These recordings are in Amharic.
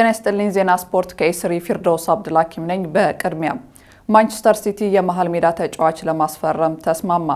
ጤና ይስጥልኝ። ዜና ስፖርት ከኢስሪ ፊርዶስ አብድልሐኪም ነኝ። በቅድሚያ ማንቸስተር ሲቲ የመሀል ሜዳ ተጫዋች ለማስፈረም ተስማማ።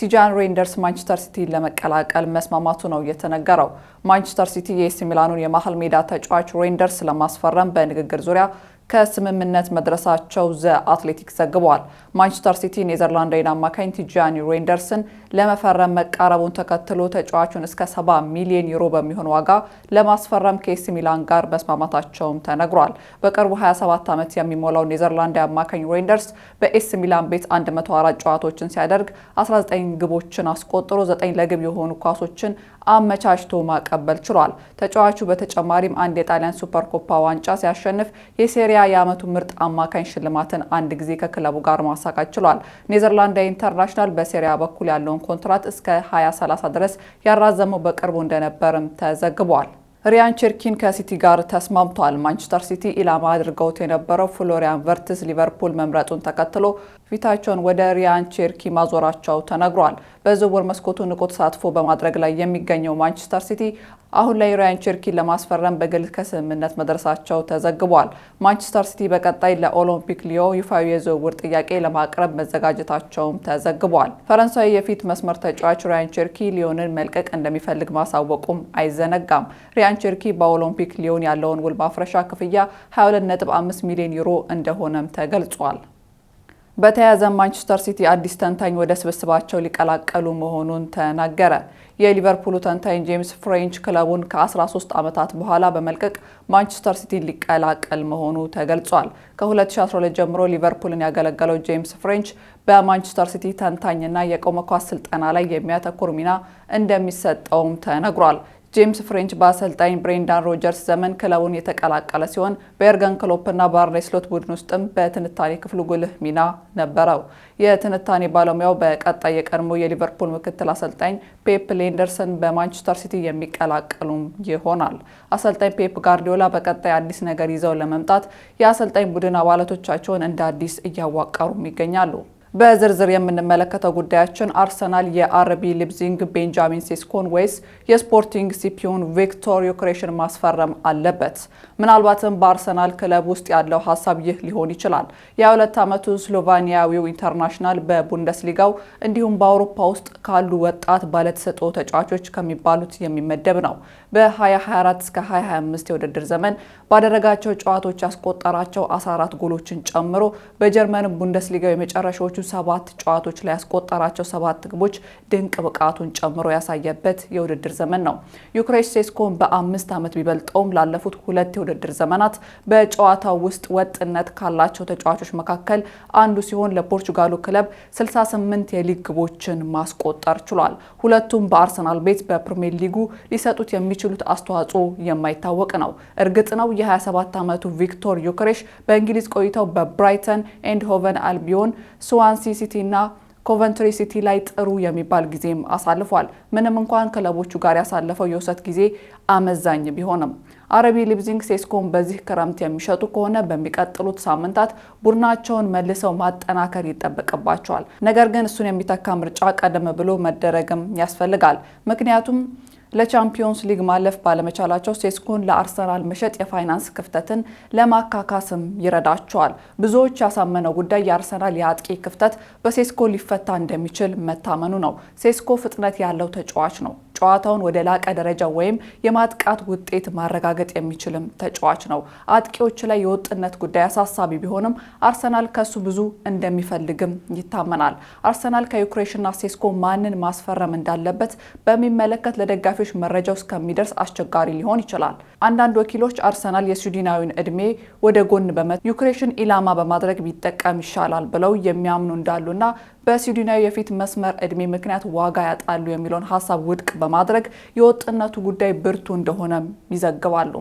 ቲጃን ሬንደርስ ማንቸስተር ሲቲን ለመቀላቀል መስማማቱ ነው የተነገረው። ማንቸስተር ሲቲ የኤሲ ሚላኑን የመሀል ሜዳ ተጫዋች ሬንደርስ ለማስፈረም በንግግር ዙሪያ ከስምምነት መድረሳቸው ዘ አትሌቲክስ ዘግቧል። ማንቸስተር ሲቲ ኔዘርላንዳዊን አማካኝ ቲጃኒ ሬንደርስን ለመፈረም መቃረቡን ተከትሎ ተጫዋቹን እስከ 70 ሚሊዮን ዩሮ በሚሆን ዋጋ ለማስፈረም ከኤሲ ሚላን ጋር መስማማታቸውም ተነግሯል። በቅርቡ 27 ዓመት የሚሞላው ኔዘርላንዳዊ አማካኝ ሬንደርስ በኤሲ ሚላን ቤት 104 ጨዋታዎችን ሲያደርግ 19 ግቦችን አስቆጥሮ 9 ለግብ የሆኑ ኳሶችን አመቻችቶ ማቀበል ችሏል። ተጫዋቹ በተጨማሪም አንድ የጣሊያን ሱፐር ኮፓ ዋንጫ ሲያሸንፍ የሴሪ ቪያ የዓመቱ ምርጥ አማካኝ ሽልማትን አንድ ጊዜ ከክለቡ ጋር ማሳካት ችሏል። ኔዘርላንድ ኢንተርናሽናል በሴሪያ በኩል ያለውን ኮንትራት እስከ 2030 ድረስ ያራዘመው በቅርቡ እንደነበርም ተዘግቧል። ሪያን ቸርኪን ከሲቲ ጋር ተስማምቷል። ማንቸስተር ሲቲ ኢላማ አድርገውት የነበረው ፍሎሪያን ቨርትስ ሊቨርፑል መምረጡን ተከትሎ ፊታቸውን ወደ ሪያን ቸርኪ ማዞራቸው ተነግሯል። በዝውውር መስኮቱ ንቁ ተሳትፎ በማድረግ ላይ የሚገኘው ማንቸስተር ሲቲ አሁን ላይ ራያን ቸርኪን ለማስፈረም በግል ከስምምነት መድረሳቸው ተዘግቧል። ማንቸስተር ሲቲ በቀጣይ ለኦሎምፒክ ሊዮ ይፋዊ የዝውውር ጥያቄ ለማቅረብ መዘጋጀታቸውም ተዘግቧል። ፈረንሳዊ የፊት መስመር ተጫዋች ራያን ቸርኪ ሊዮንን መልቀቅ እንደሚፈልግ ማሳወቁም አይዘነጋም። ሪያን ቸርኪ በኦሎምፒክ ሊዮን ያለውን ውል ማፍረሻ ክፍያ 22.5 ሚሊዮን ዩሮ እንደሆነም ተገልጿል። በተያያዘ ማንቸስተር ሲቲ አዲስ ተንታኝ ወደ ስብስባቸው ሊቀላቀሉ መሆኑን ተናገረ። የሊቨርፑሉ ተንታኝ ጄምስ ፍሬንች ክለቡን ከ13 ዓመታት በኋላ በመልቀቅ ማንቸስተር ሲቲ ሊቀላቀል መሆኑ ተገልጿል። ከ2012 ጀምሮ ሊቨርፑልን ያገለገለው ጄምስ ፍሬንች በማንቸስተር ሲቲ ተንታኝና የቆመ ኳስ ስልጠና ላይ የሚያተኩር ሚና እንደሚሰጠውም ተነግሯል። ጄምስ ፍሬንች በአሰልጣኝ ብሬንዳን ሮጀርስ ዘመን ክለቡን የተቀላቀለ ሲሆን በኤርገን ክሎፕና ባርኔ ስሎት ቡድን ውስጥም በትንታኔ ክፍሉ ጉልህ ሚና ነበረው። የትንታኔ ባለሙያው በቀጣይ የቀድሞ የሊቨርፑል ምክትል አሰልጣኝ ፔፕ ሌንደርሰን በማንቸስተር ሲቲ የሚቀላቀሉም ይሆናል። አሰልጣኝ ፔፕ ጋርዲዮላ በቀጣይ አዲስ ነገር ይዘው ለመምጣት የአሰልጣኝ ቡድን አባላቶቻቸውን እንደ አዲስ እያዋቀሩም ይገኛሉ። በዝርዝር የምንመለከተው ጉዳያችን አርሰናል የአርቢ ሊፕዚንግ ቤንጃሚን ሴስኮን ወይስ የስፖርቲንግ ሲፒዮን ቪክቶር ዮክሬሽን ማስፈረም አለበት? ምናልባትም በአርሰናል ክለብ ውስጥ ያለው ሀሳብ ይህ ሊሆን ይችላል። የሁለት ዓመቱ ስሎቫኒያዊው ኢንተርናሽናል በቡንደስሊጋው እንዲሁም በአውሮፓ ውስጥ ካሉ ወጣት ባለተሰጥኦ ተጫዋቾች ከሚባሉት የሚመደብ ነው። በ2024 እስከ 2025 የውድድር ዘመን ባደረጋቸው ጨዋታዎች ያስቆጠራቸው 14 ጎሎችን ጨምሮ በጀርመን ቡንደስሊጋው የመጨረሻዎቹ ሰባት ጨዋቶች ላይ ያስቆጠራቸው ሰባት ግቦች ድንቅ ብቃቱን ጨምሮ ያሳየበት የውድድር ዘመን ነው። ዩክሬሽ ሴስኮን በአምስት ዓመት ቢበልጠውም ላለፉት ሁለት የውድድር ዘመናት በጨዋታው ውስጥ ወጥነት ካላቸው ተጫዋቾች መካከል አንዱ ሲሆን ለፖርቹጋሉ ክለብ 68 የሊግ ግቦችን ማስቆጠር ችሏል። ሁለቱም በአርሰናል ቤት በፕሪሚየር ሊጉ ሊሰጡት የሚችሉት አስተዋጽኦ የማይታወቅ ነው። እርግጥ ነው የ27 ዓመቱ ቪክቶር ዩክሬሽ በእንግሊዝ ቆይታው በብራይተን ኤንድ ሆቨን አልቢዮን፣ ስዋን ሲቲ እና ኮቨንትሪ ሲቲ ላይ ጥሩ የሚባል ጊዜም አሳልፏል። ምንም እንኳን ክለቦቹ ጋር ያሳለፈው የውሰት ጊዜ አመዛኝ ቢሆንም አረቢ ሊብዚንግ ሴስኮን በዚህ ክረምት የሚሸጡ ከሆነ በሚቀጥሉት ሳምንታት ቡድናቸውን መልሰው ማጠናከር ይጠበቅባቸዋል። ነገር ግን እሱን የሚተካ ምርጫ ቀደም ብሎ መደረግም ያስፈልጋል። ምክንያቱም ለቻምፒዮንስ ሊግ ማለፍ ባለመቻላቸው ሴስኮን ለአርሰናል መሸጥ የፋይናንስ ክፍተትን ለማካካስም ይረዳቸዋል። ብዙዎች ያሳመነው ጉዳይ የአርሰናል የአጥቂ ክፍተት በሴስኮ ሊፈታ እንደሚችል መታመኑ ነው። ሴስኮ ፍጥነት ያለው ተጫዋች ነው። ጨዋታውን ወደ ላቀ ደረጃ ወይም የማጥቃት ውጤት ማረጋገጥ የሚችልም ተጫዋች ነው። አጥቂዎች ላይ የወጥነት ጉዳይ አሳሳቢ ቢሆንም አርሰናል ከሱ ብዙ እንደሚፈልግም ይታመናል። አርሰናል ከዩክሬሽና ሴስኮ ማንን ማስፈረም እንዳለበት በሚመለከት ለደጋፊዎች መረጃው እስከሚደርስ አስቸጋሪ ሊሆን ይችላል። አንዳንድ ወኪሎች አርሰናል የስዊድናዊን እድሜ ወደ ጎን በመ ዩክሬሽን ኢላማ በማድረግ ቢጠቀም ይሻላል ብለው የሚያምኑ እንዳሉና በስዊድናዊ የፊት መስመር እድሜ ምክንያት ዋጋ ያጣሉ የሚለውን ሀሳብ ውድቅ በማድረግ የወጥነቱ ጉዳይ ብርቱ እንደሆነ ይዘግባሉ።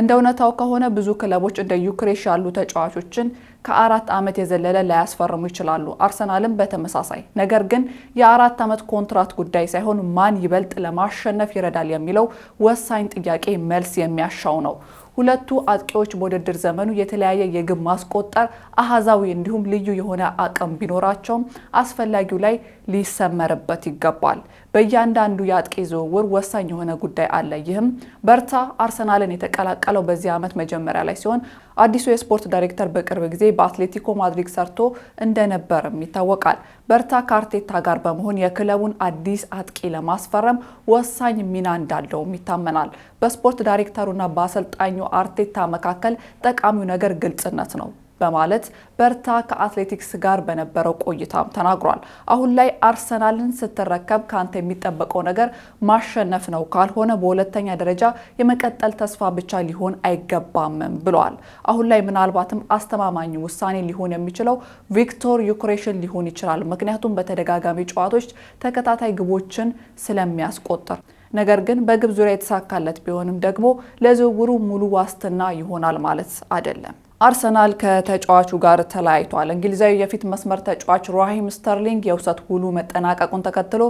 እንደ እውነታው ከሆነ ብዙ ክለቦች እንደ ዩክሬሽ ያሉ ተጫዋቾችን ከአራት ዓመት የዘለለ ላያስፈርሙ ይችላሉ። አርሰናልም በተመሳሳይ። ነገር ግን የአራት ዓመት ኮንትራት ጉዳይ ሳይሆን ማን ይበልጥ ለማሸነፍ ይረዳል የሚለው ወሳኝ ጥያቄ መልስ የሚያሻው ነው። ሁለቱ አጥቂዎች በውድድር ዘመኑ የተለያየ የግብ ማስቆጠር አሃዛዊ እንዲሁም ልዩ የሆነ አቅም ቢኖራቸውም አስፈላጊው ላይ ሊሰመርበት ይገባል። በእያንዳንዱ የአጥቂ ዝውውር ወሳኝ የሆነ ጉዳይ አለ። ይህም በርታ አርሰናልን የተቀላቀለው በዚህ ዓመት መጀመሪያ ላይ ሲሆን አዲሱ የስፖርት ዳይሬክተር በቅርብ ጊዜ በአትሌቲኮ ማድሪድ ሰርቶ እንደነበርም ይታወቃል። በርታ ካርቴታ ጋር በመሆን የክለቡን አዲስ አጥቂ ለማስፈረም ወሳኝ ሚና እንዳለውም ይታመናል። በስፖርት ዳይሬክተሩና በአሰልጣኙ አርቴታ መካከል ጠቃሚው ነገር ግልጽነት ነው። በማለት በርታ ከአትሌቲክስ ጋር በነበረው ቆይታም ተናግሯል። አሁን ላይ አርሰናልን ስትረከብ ከአንተ የሚጠበቀው ነገር ማሸነፍ ነው፣ ካልሆነ በሁለተኛ ደረጃ የመቀጠል ተስፋ ብቻ ሊሆን አይገባም ብለዋል። አሁን ላይ ምናልባትም አስተማማኝ ውሳኔ ሊሆን የሚችለው ቪክቶር ዩክሬሽን ሊሆን ይችላል፣ ምክንያቱም በተደጋጋሚ ጨዋታዎች ተከታታይ ግቦችን ስለሚያስቆጥር ነገር ግን በግብ ዙሪያ የተሳካለት ቢሆንም ደግሞ ለዝውውሩ ሙሉ ዋስትና ይሆናል ማለት አይደለም። አርሰናል ከተጫዋቹ ጋር ተለያይቷል። እንግሊዛዊ የፊት መስመር ተጫዋች ራሂም ስተርሊንግ የውሰት ውሉ መጠናቀቁን ተከትሎ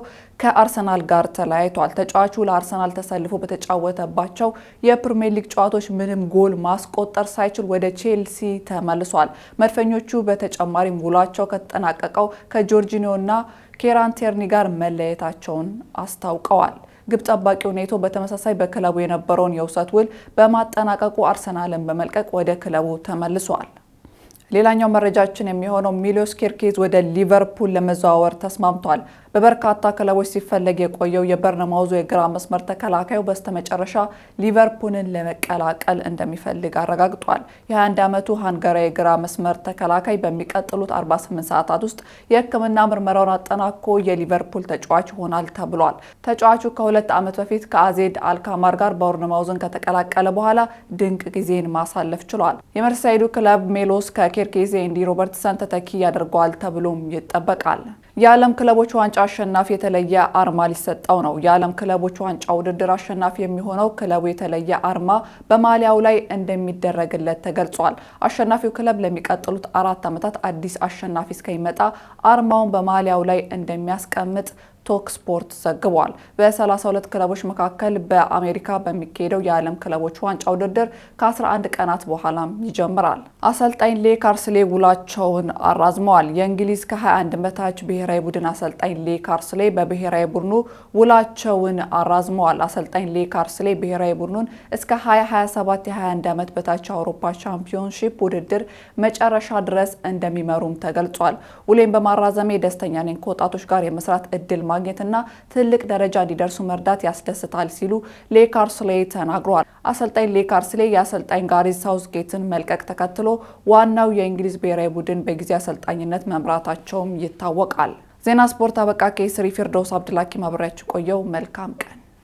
ከአርሰናል ጋር ተለያይቷል። ተጫዋቹ ለአርሰናል ተሰልፎ በተጫወተባቸው የፕሪምየር ሊግ ጨዋታዎች ምንም ጎል ማስቆጠር ሳይችል ወደ ቼልሲ ተመልሷል። መድፈኞቹ በተጨማሪም ውሏቸው ከተጠናቀቀው ከጆርጂኒዮ እና ኬራን ቴርኒ ጋር መለየታቸውን አስታውቀዋል። ግብ ጠባቂው ኔቶ በተመሳሳይ በክለቡ የነበረውን የውሰት ውል በማጠናቀቁ አርሰናልን በመልቀቅ ወደ ክለቡ ተመልሷል። ሌላኛው መረጃችን የሚሆነው ሚሎስ ኬርኬዝ ወደ ሊቨርፑል ለመዘዋወር ተስማምቷል። በበርካታ ክለቦች ሲፈለግ የቆየው የበርነማውዙ የግራ መስመር ተከላካዩ በስተመጨረሻ ሊቨርፑልን ለመቀላቀል እንደሚፈልግ አረጋግጧል። የ21 ዓመቱ ሃንጋሪያዊ የግራ መስመር ተከላካይ በሚቀጥሉት 48 ሰዓታት ውስጥ የሕክምና ምርመራውን አጠናቆ የሊቨርፑል ተጫዋች ይሆናል ተብሏል። ተጫዋቹ ከሁለት ዓመት በፊት ከአዜድ አልካማር ጋር በበርነማውዝን ከተቀላቀለ በኋላ ድንቅ ጊዜን ማሳለፍ ችሏል። የመርሳይዱ ክለብ ሜሎስ ከ ኬርኬዜ እንዲ ሮበርትሰን ተተኪ ያደርገዋል ተብሎም ይጠበቃል። የዓለም ክለቦች ዋንጫ አሸናፊ የተለየ አርማ ሊሰጠው ነው። የዓለም ክለቦች ዋንጫ ውድድር አሸናፊ የሚሆነው ክለቡ የተለየ አርማ በማሊያው ላይ እንደሚደረግለት ተገልጿል። አሸናፊው ክለብ ለሚቀጥሉት አራት ዓመታት አዲስ አሸናፊ እስከሚመጣ አርማውን በማሊያው ላይ እንደሚያስቀምጥ ቶክ ስፖርት ዘግቧል። በ32 ክለቦች መካከል በአሜሪካ በሚካሄደው የዓለም ክለቦች ዋንጫ ውድድር ከ11 ቀናት በኋላም ይጀምራል። አሰልጣኝ ሌ ካርስሌ ውላቸውን አራዝመዋል። የእንግሊዝ ከ21 በታች ብሔር ብሔራዊ ቡድን አሰልጣኝ ሌ ካርስሌ በብሔራዊ ቡድኑ ውላቸውን አራዝመዋል። አሰልጣኝ ሌ ካርስሌ ብሔራዊ ቡድኑን እስከ 2027 የ21 ዓመት በታች አውሮፓ ቻምፒዮንሺፕ ውድድር መጨረሻ ድረስ እንደሚመሩም ተገልጿል። ውሌን በማራዘሜ ደስተኛ ነኝ። ከወጣቶች ጋር የመስራት እድል ማግኘትና ትልቅ ደረጃ እንዲደርሱ መርዳት ያስደስታል ሲሉ ሌ ካርስሌ ተናግረዋል። አሰልጣኝ ሌ ካርስሌ የአሰልጣኝ ጋሪ ሳውዝጌትን መልቀቅ ተከትሎ ዋናው የእንግሊዝ ብሔራዊ ቡድን በጊዜ አሰልጣኝነት መምራታቸውም ይታወቃል። ዜና ስፖርት አበቃ። ከስሪ ፊርዶስ አብድላኪ ማብሪያችሁ ቆየው። መልካም ቀን